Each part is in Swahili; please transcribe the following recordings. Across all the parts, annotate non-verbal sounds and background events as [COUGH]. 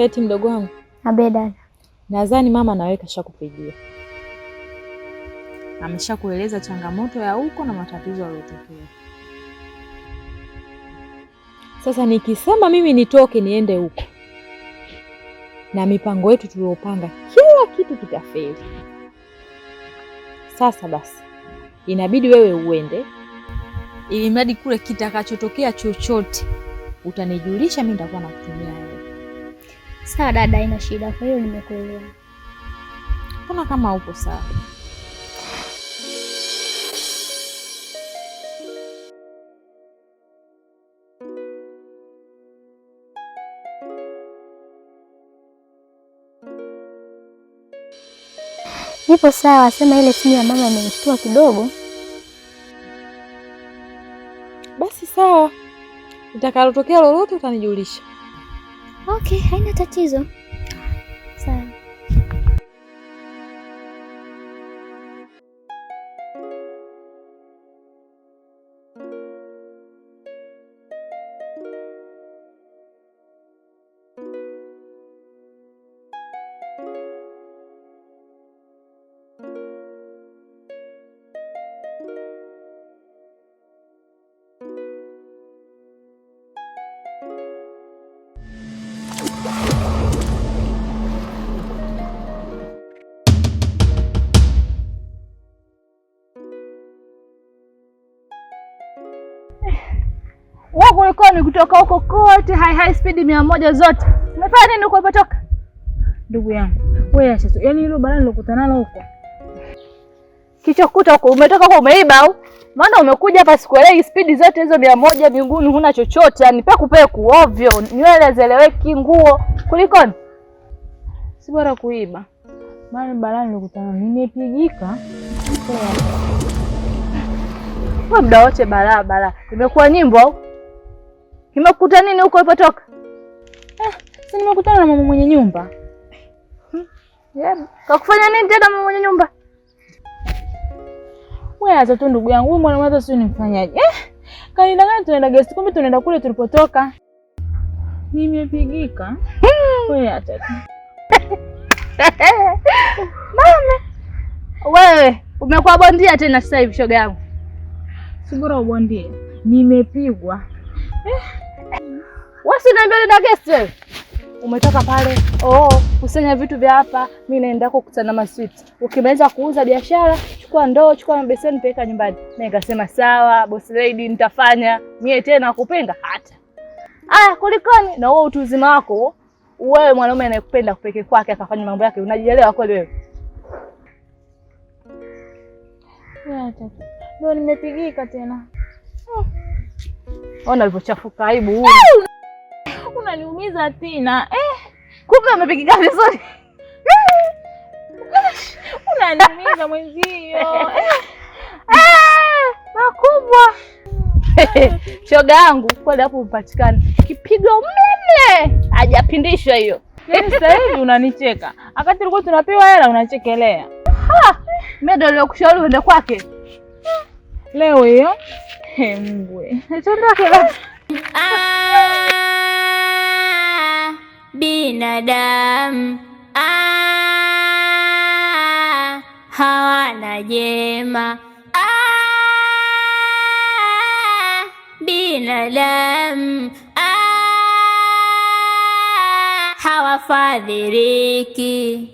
Feti mdogo wangu. Abeda. Nadhani mama na wewe kashakupigia. Ameshakueleza changamoto ya huko na matatizo yaliyotokea. Sasa nikisema mimi nitoke niende huko na mipango yetu tuliyopanga, kila kitu kitafeli. Sasa basi, inabidi wewe uende, ili mradi kule kitakachotokea chochote utanijulisha, mimi nitakuwa nakutumia Sawa dada, haina shida. Kwa hiyo nimekuelewa. Kuna kama uko sawa? Nipo sawa, sema ile simu ya mama imenishtua kidogo. Basi sawa, itakalotokea lolote utanijulisha. Okay, haina tatizo. ni kutoka huko kote, high high speed mia moja zote. Umefanya nini huko ulipotoka? Ndugu yangu wewe, acha tu, yaani hilo balaa nilokutana nalo huko kichokuta huko, umetoka huko umeiba au? Maana umekuja hapa sikuelewi, spidi zote hizo mia moja mbinguni, huna chochote, yani, peku peku ovyo, nywele zeleweki, nguo kulikoni? Si bora kuiba, maana balaa nilokutana nimepigika kwa muda wote. Balaa balaa imekuwa nyimbo au? Nimekukuta nini huko ulipotoka? Eh, si nimekutana na mama mwenye nyumba. Hmm? Yeah. Kakufanya nini tena mama mwenye nyumba? Wewe hata tu ndugu yangu, wewe mwanamwaza sio nimfanyaje? Eh, kaenda gani tunaenda guest, kumbe tunaenda kule tulipotoka. Nimepigika. Hmm. Wewe hata tu. [LAUGHS] Mama. Wewe umekuwa bondia tena sasa hivi shoga yangu. Sibora ubondie. Nimepigwa. Wasi guest Wewe umetoka pale oh, kusanya vitu vya hapa, mimi naenda huko kukutana maswiti. Ukimaliza kuuza biashara, chukua ndoo, chukua mabeseni, peka nyumbani. Mimi nikasema sawa, boss lady, nitafanya. Mie tena kupenda hata aya, kulikoni na wewe utu uzima wako wewe, mwanaume anayekupenda kupeke kwake akafanya mambo yake, unajielewa kweli wewe? Ndio Nimepigika tena Oh. Ona alivyochafuka aibu huu. Unaniumiza Tina. Eh, kumbe umepikika vizuri. Unaniumiza mwenzio. [LAUGHS] Eh. makubwa. [LAUGHS] Shoga yangu kweli hapo upatikani. Kipigo mle mle. Hajapindishwa hiyo. Yaani sasa hivi unanicheka. akati tulikuwa tunapewa hela unachekelea. Ha, Medo leo kushauri uende kwake. Leo hiyo Mbwe ah, binadamu ah, hawana jema ah, binadamu ah, hawafadhiriki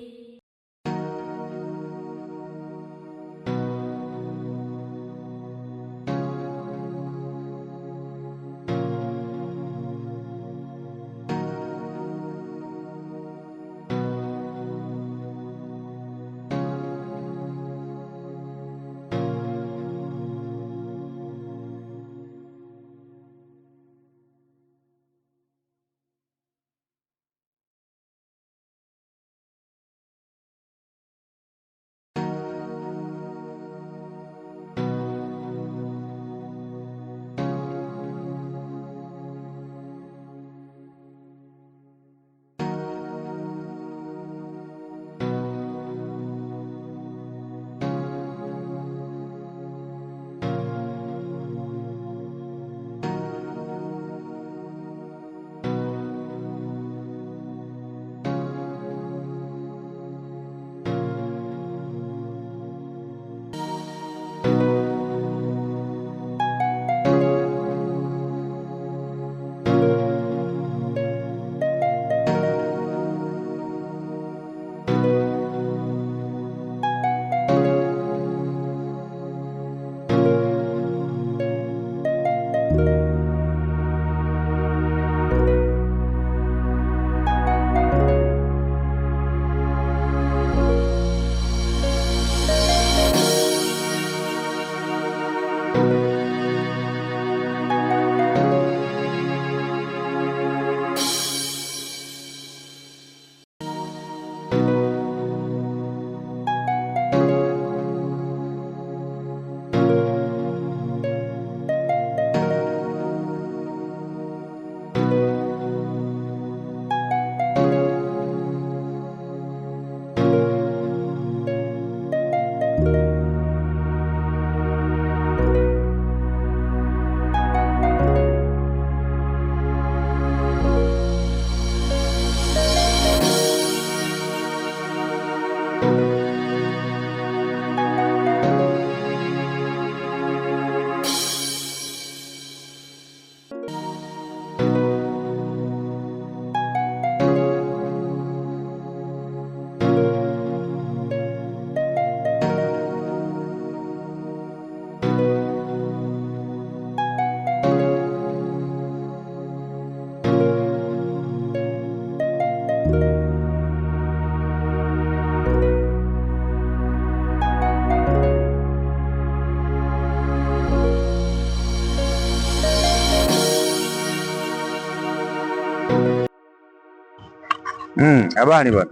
Habari bwana,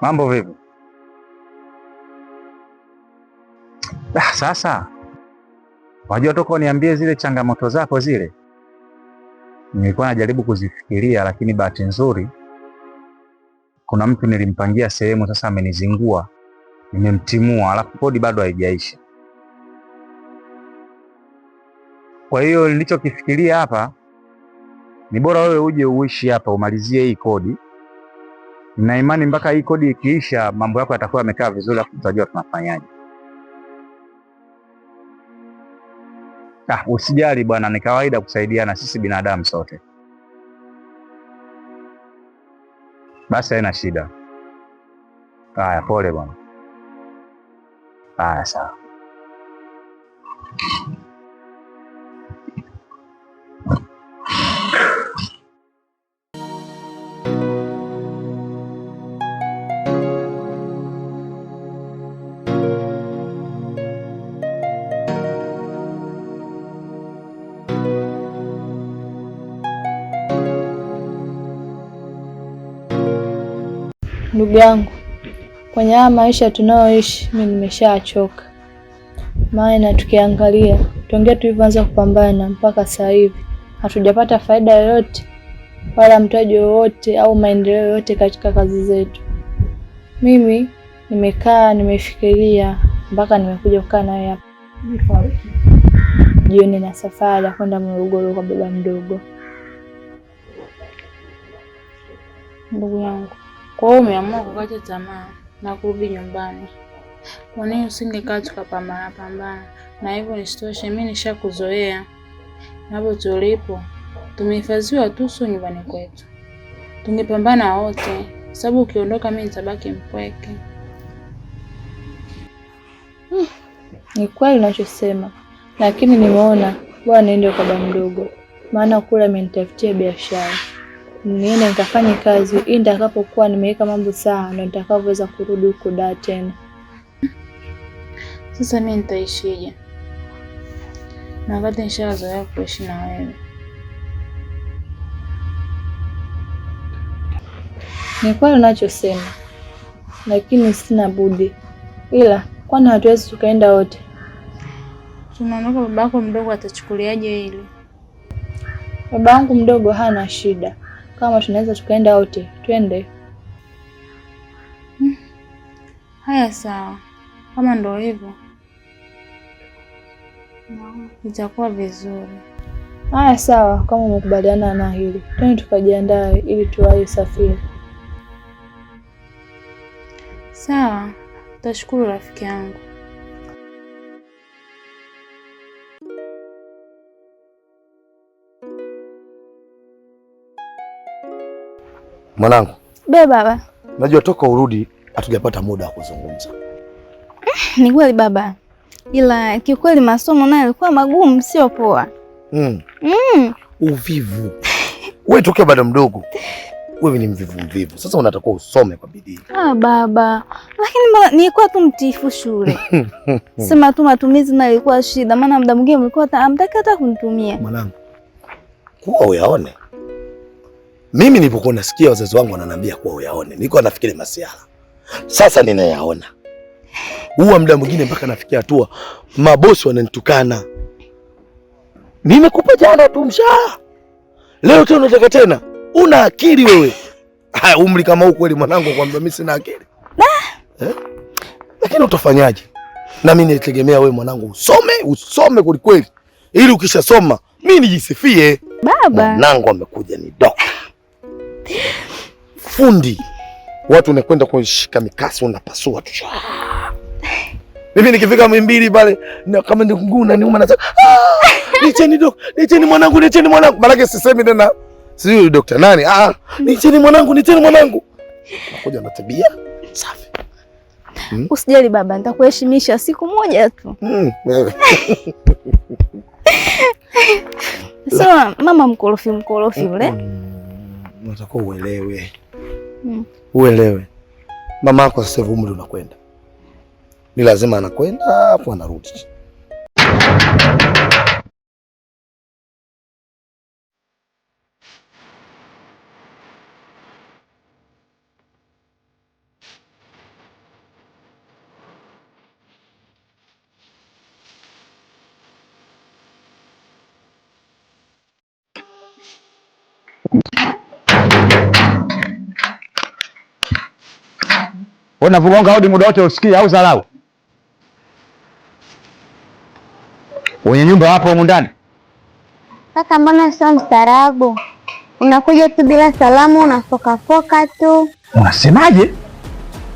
mambo vipi? Ah, sasa wajua, toka uniambie zile changamoto zako zile, nilikuwa najaribu kuzifikiria, lakini bahati nzuri kuna mtu nilimpangia sehemu, sasa amenizingua, nimemtimua, alafu kodi bado haijaisha. Kwa hiyo nilichokifikiria hapa ni bora wewe uje uishi hapa umalizie hii kodi, na imani mpaka hii kodi ikiisha, mambo yako yatakuwa yamekaa vizuri, afu tutajua tunafanyaje. Ah, usijali bwana, ni kawaida kusaidiana, sisi binadamu sote. Basi haina shida. Haya, pole bwana. Haya, sawa. Ndugu yangu, kwenye haya maisha tunayoishi, mimi nimeshachoka. Maana tukiangalia tuongea tulivyoanza kupambana mpaka sasa hivi hatujapata faida yoyote wala mtaji wowote au maendeleo yoyote katika kazi zetu. Mimi nimekaa nimefikiria mpaka nimekuja kukaa naye hapa jioni, na safari ya kwenda Morogoro kwa baba mdogo. Ndugu yangu kwa hiyo umeamua kukata tamaa na kurudi nyumbani. Kwa nini usingekaa tukapambana pambana? Na hivyo nisitoshe, mimi nishakuzoea hapo tulipo, tumehifadhiwa tu, sio nyumbani kwetu. Tungepambana wote, sababu ukiondoka mimi nitabaki mpweke. Hmm, ni kweli unachosema, lakini nimeona bwana niende kwa baba mdogo, maana kule amenitafutia biashara niende nikafanye kazi ili nitakapokuwa nimeweka mambo sawa, ndo nitakavyoweza kurudi huko da tena. Sasa mimi nitaishije? na wakati nishawazoea kuishi na wewe ni kweli unachosema, lakini sina budi. Ila kwani hatuwezi tukaenda wote? Tunaondoka, babako mdogo atachukuliaje hili? Baba yangu mdogo hana shida, kama tunaweza tukaenda wote, twende. Hmm. Haya, sawa, kama ndo hivyo itakuwa vizuri. Haya, sawa, kama umekubaliana na hili, twende tukajiandaa ili tuwahi safiri. Sawa, tashukuru rafiki yangu. Mwanangu be baba, najua toka urudi hatujapata muda wa kuzungumza. Eh, ni kweli baba, ila kiukweli masomo nayo yalikuwa magumu, sio poa. mm. mm. Uvivu [LAUGHS] wewe tokea bado mdogo wewe ni mvivu mvivu, sasa unatakiwa usome kwa bidii. Ah baba, lakini nilikuwa tu mtifu shule [LAUGHS] sema tu matumizi na ilikuwa shida, maana muda mwingine mlikuwa hamtaki hata kunitumia. Mwanangu, kuwa uyaone mimi nilipokuwa nasikia wazazi wangu wananiambia kuwa uyaone, nilikuwa nafikiri masiala, sasa ninayaona. Huwa muda mwingine mpaka nafikia hatua mabosi wananitukana, nimekupa jana tu mshahara, leo tena unataka tena. Una akili wewe? Haya, umri kama huu kweli mwanangu, kwamba mimi sina akili eh? Lakini utafanyaje? Na mimi nilitegemea wewe mwanangu usome, usome kulikweli, ili ukishasoma mimi nijisifie, baba mwanangu amekuja ni doka fundi, watu wanakwenda kushika mikasi, wanapasua tu. Mimi nikifika Mwimbili pale na kama ni unaniuma na ah, nicheni dok, nicheni mwanangu, nicheni mwanangu, maanake sisemi tena sijui dokta nani. Ah, ah, nicheni mwanangu, nicheni mwanangu. Nakuja na tabia safi. Hmm? Usijali baba, nitakuheshimisha siku moja tu. Hmm, so [LAUGHS] mama mkorofi mkorofi hmm, yule. Hmm unatakiwa uelewe, mm. uelewe mama yako sasa hivi umri unakwenda, ni lazima anakwenda hapo anarudi Unavugonga hodi muda wote usikie au dharau. Wenye nyumba wapo humu ndani. Kaka, mbona sio mstaarabu? Unakuja tu bila salamu, unafokafoka tu. Unasemaje?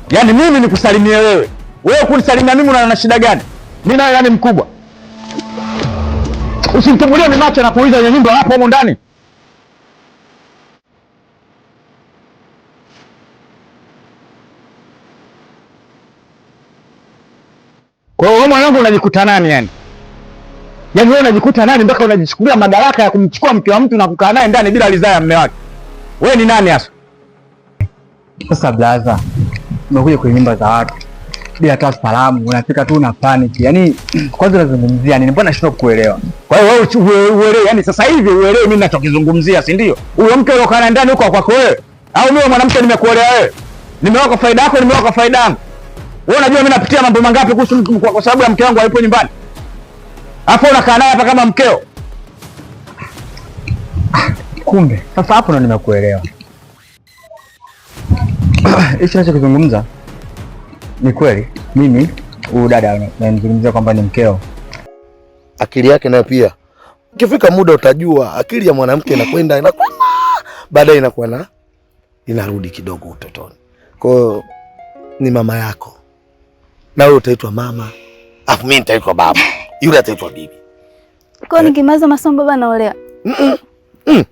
Yaani mimi nikusalimie wewe, wewe kunisalimia mimi, una shida gani? Mimi nawe yani mkubwa, usimtumbulie ni na kuuliza wenye nyumba wapo humu ndani. Kwa hiyo wewe mwanangu unajikuta nani yani? Yaani wewe unajikuta nani mpaka unajichukulia madaraka ya kumchukua mke wa mtu na kukaa naye ndani bila ridhaa ya mume wake? Wewe ni nani hasa? Sasa blaza, umekuja kwenye nyumba za watu bila hata salamu, unafika tu na panic. Yaani [CLEARS THROAT] kwanza unazungumzia nini? Mbona nashindwa kukuelewa? Kwa hiyo wewe uelewe, yaani sasa hivi uelewe mimi ninachokizungumzia, si ndio? Huyo mke uliokaa ndani huko kwako wewe, au mimi mwanamke nimekuolewa wewe? Nimeoa kwa faida yako, nimeoa kwa faida yangu. Wewe unajua mimi napitia mambo mangapi kuhusu kwa sababu ya mke wangu alipo nyumbani. Hapo unakaa naye hapa kama mkeo. Kumbe sasa hapo ndo nimekuelewa. [COUGHS] Hichi nachokizungumza ni kweli, mimi huyu dada namzungumzia kwamba ni mkeo. Akili yake nayo pia, ukifika muda utajua akili ya mwanamke inakwenda inakwenda, baadaye inakuwa na inarudi kidogo utotoni. Kwa hiyo ni mama yako na wewe utaitwa mama, afu mimi nitaitwa baba, yule ataitwa bibi. Kwa nini kimaza masomo baba naolewa. Mm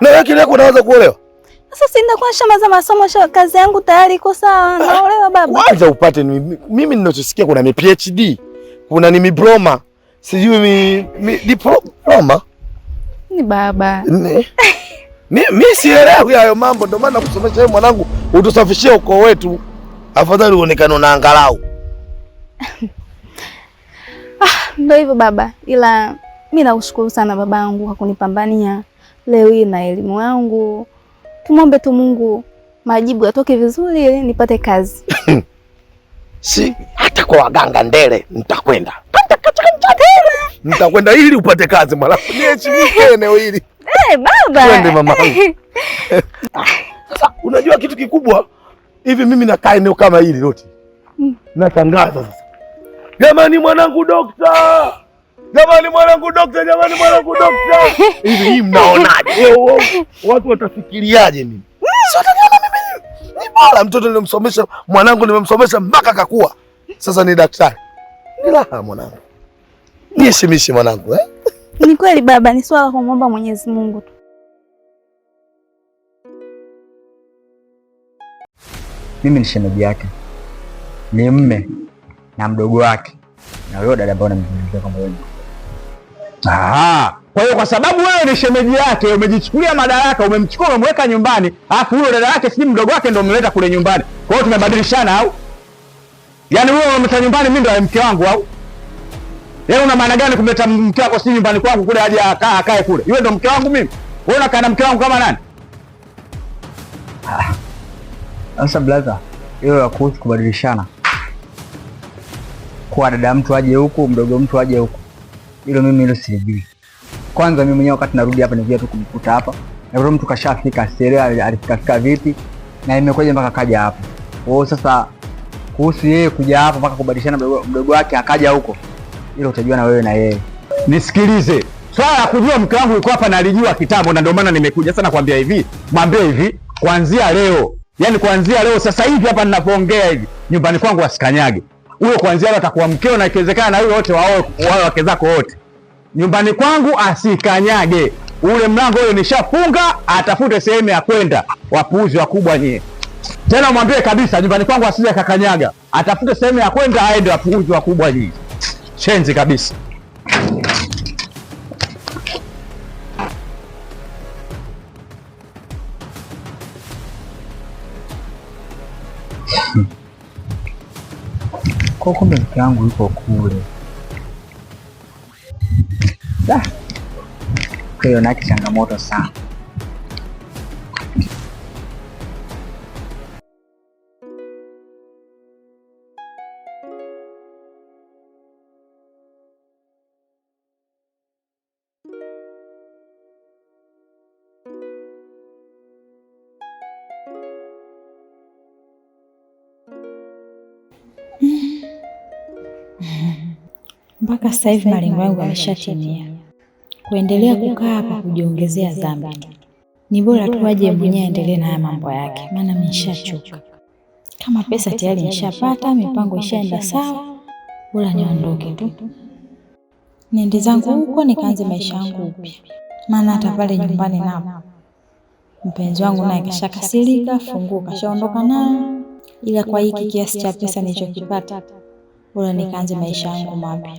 Na wewe kile unaweza kuolewa? Sasa si nitakuwa nishamaliza masomo, kazi yangu tayari iko sawa, ah, naolewa baba. Kwanza upate mimi ninachosikia kuna mi PhD, kuna ni diploma. Sijui mi, mi diploma. Ni baba. Mi, Mimi sielewi hayo mambo, ndio maana nakusomesha wewe mwanangu, utusafishie ukoo wetu. Afadhali uonekane una angalau [LAUGHS] Ah, Ndio hivyo baba, ila mi naushukuru sana babangu kwa kunipambania leo hii na elimu yangu. Tumwombe tu Mungu majibu yatoke vizuri ili nipate kazi. [LAUGHS] Si hata kwa waganga ndele nitakwenda nitakwenda ili upate kazi mwanangu, [LAUGHS] niheshimike eneo hili. Hey, eh, baba. Twende mama. Ah, sasa unajua kitu kikubwa hivi, mimi nakaa eneo kama hili lote, mm. natangaza sasa Jamani mwanangu dokta, jamani mwanangu dokta, jamani mwanangu dokta. Hivi hii mnaonaje? [LAUGHS] Watu watafikiriaje? Mimi mimi, ni bora mtoto nilimsomesha mwanangu, nimemsomesha mpaka kakua, sasa ni daktari. Ni raha mwanangu, niheshimishi mwanangu eh? Ni kweli baba, ni swala kwa mwomba Mwenyezi Mungu tu. Mimi ni shemeji yake, ni mme na mdogo wake na huyo dada ambaye anamzungumzia kwamba wewe. Ah, kwa hiyo kwa sababu wewe ni shemeji yake, umejichukulia madaraka, umemchukua umemweka nyumbani, alafu huyo dada yake si mdogo wake ndio umeleta kule nyumbani. Kwa hiyo tumebadilishana au? Yaani wewe unamleta nyumbani, mimi ndio mke wangu au? Yaani una maana gani kumleta mke wako si nyumbani kwangu kule aje akae akae kule? Yule ndio mke wangu mimi. Wewe unakaa na mke wangu kama nani? Ah. Sasa brother, hiyo ya kuhusu kubadilishana kuwa dada mtu aje huku, mdogo mtu aje huku, hilo mimi hilo sijui. Kwanza mimi mwenyewe wakati narudi hapa nikuja tu kumkuta hapa, na mtu kashafika, sielewi alifikafika vipi na imekuja mpaka kaja hapa. Kwa hiyo sasa kuhusu yeye kuja hapa mpaka kubadilishana mdogo wake akaja huko, hilo utajua na wewe na yeye. Nisikilize, swala ya kujua mke wangu yuko hapa nalijua kitambo, na ndio maana nimekuja. Sasa nakwambia hivi, mwambie hivi kuanzia leo, yani kuanzia leo sasa hivi hapa ninapoongea hivi, nyumbani kwangu wasikanyage huyo kuanzia leo atakuwa mkeo na ikiwezekana na huyo wote waoe wao wake zako wote. Nyumbani kwangu asikanyage ule mlango ule, nishafunga atafute sehemu ya kwenda. Wapuuzi wakubwa nyie. Tena mwambie kabisa nyumbani kwangu asije akakanyaga, atafute sehemu ya kwenda aende. Wapuuzi wakubwa nyie, chenzi kabisa. Comment yangu yuko kule hiyo naki changamoto sana. Mpaka sasa hivi malengo yangu yameshatimia. Kuendelea kukaa hapa kujiongezea dhambi, ni bora tu aje mwenyewe aendelee na haya mambo yake, maana mimi nishachoka. Kama pesa tayari nishapata, mipango ishaenda sawa, bora niondoke tu niende zangu huko nikaanze maisha yangu upya, maana hata pale nyumbani napo mpenzi wangu naye kashakasirika, funguo kashaondoka nayo. Ila kwa hiki kiasi cha pesa nilichokipata, bora nikaanze maisha yangu mapya.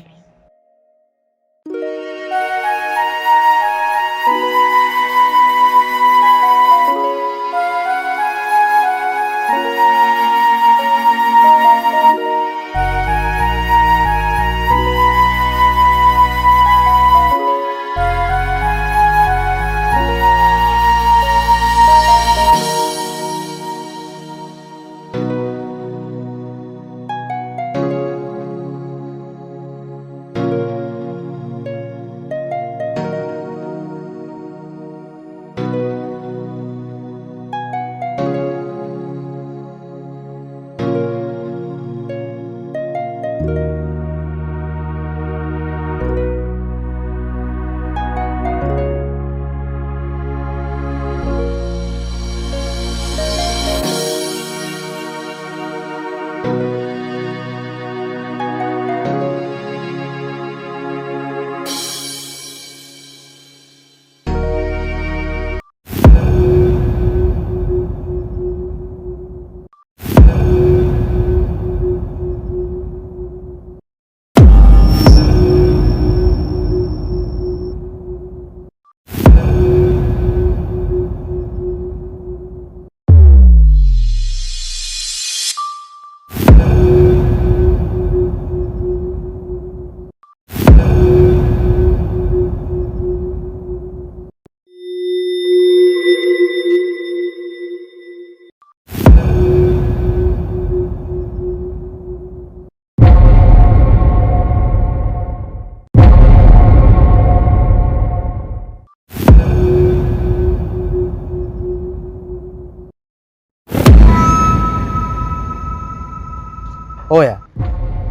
Oya,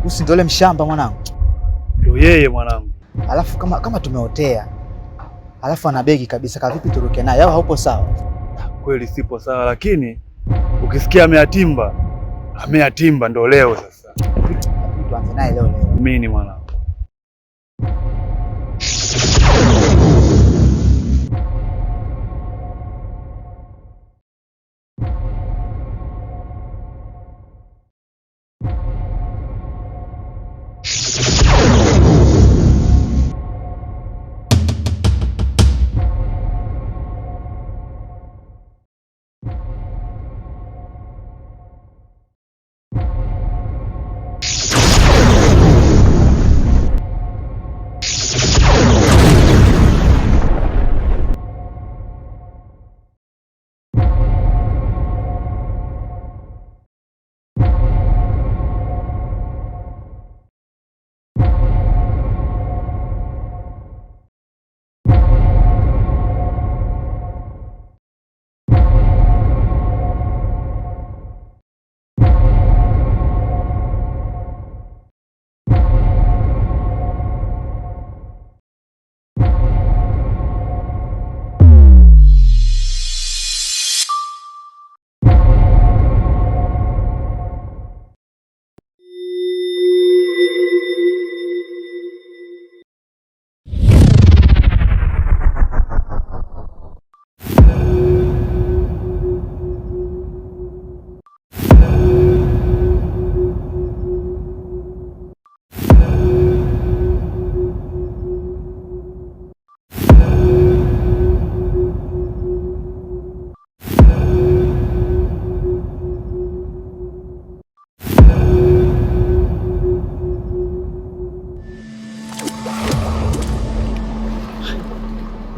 usindole mshamba mwanangu. Ndio yeye mwanangu. Alafu kama kama tumeotea, alafu ana begi kabisa, kavipi turuke naye au haupo sawa? Kweli sipo sawa, lakini ukisikia ameatimba ameatimba, ndo leo sasa tuanze naye leo leo. Mimi ni mwanangu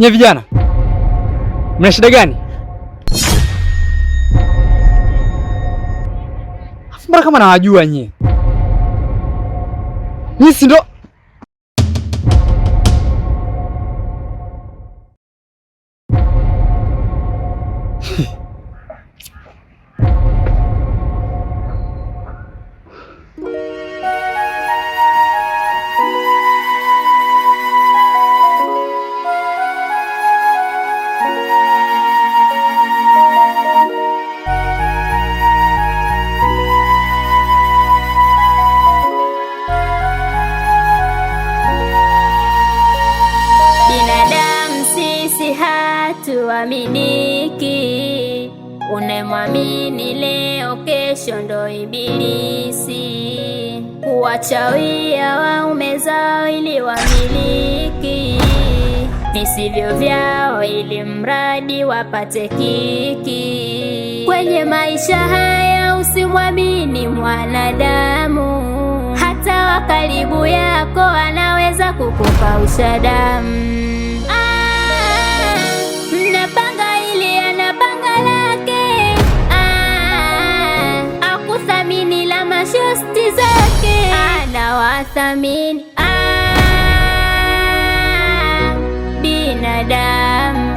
Nye vijana, mna shida gani? Mbona kama nawajua nye nyinyi si ndo Kumwamini leo, kesho ndo Ibilisi, kuwachawia waume zao ili wamiliki visivyo vyao, ili mradi wapate kiki. Kwenye maisha haya usimwamini mwanadamu, hata wa karibu yako anaweza kukupausha damu. wasamin ah binadam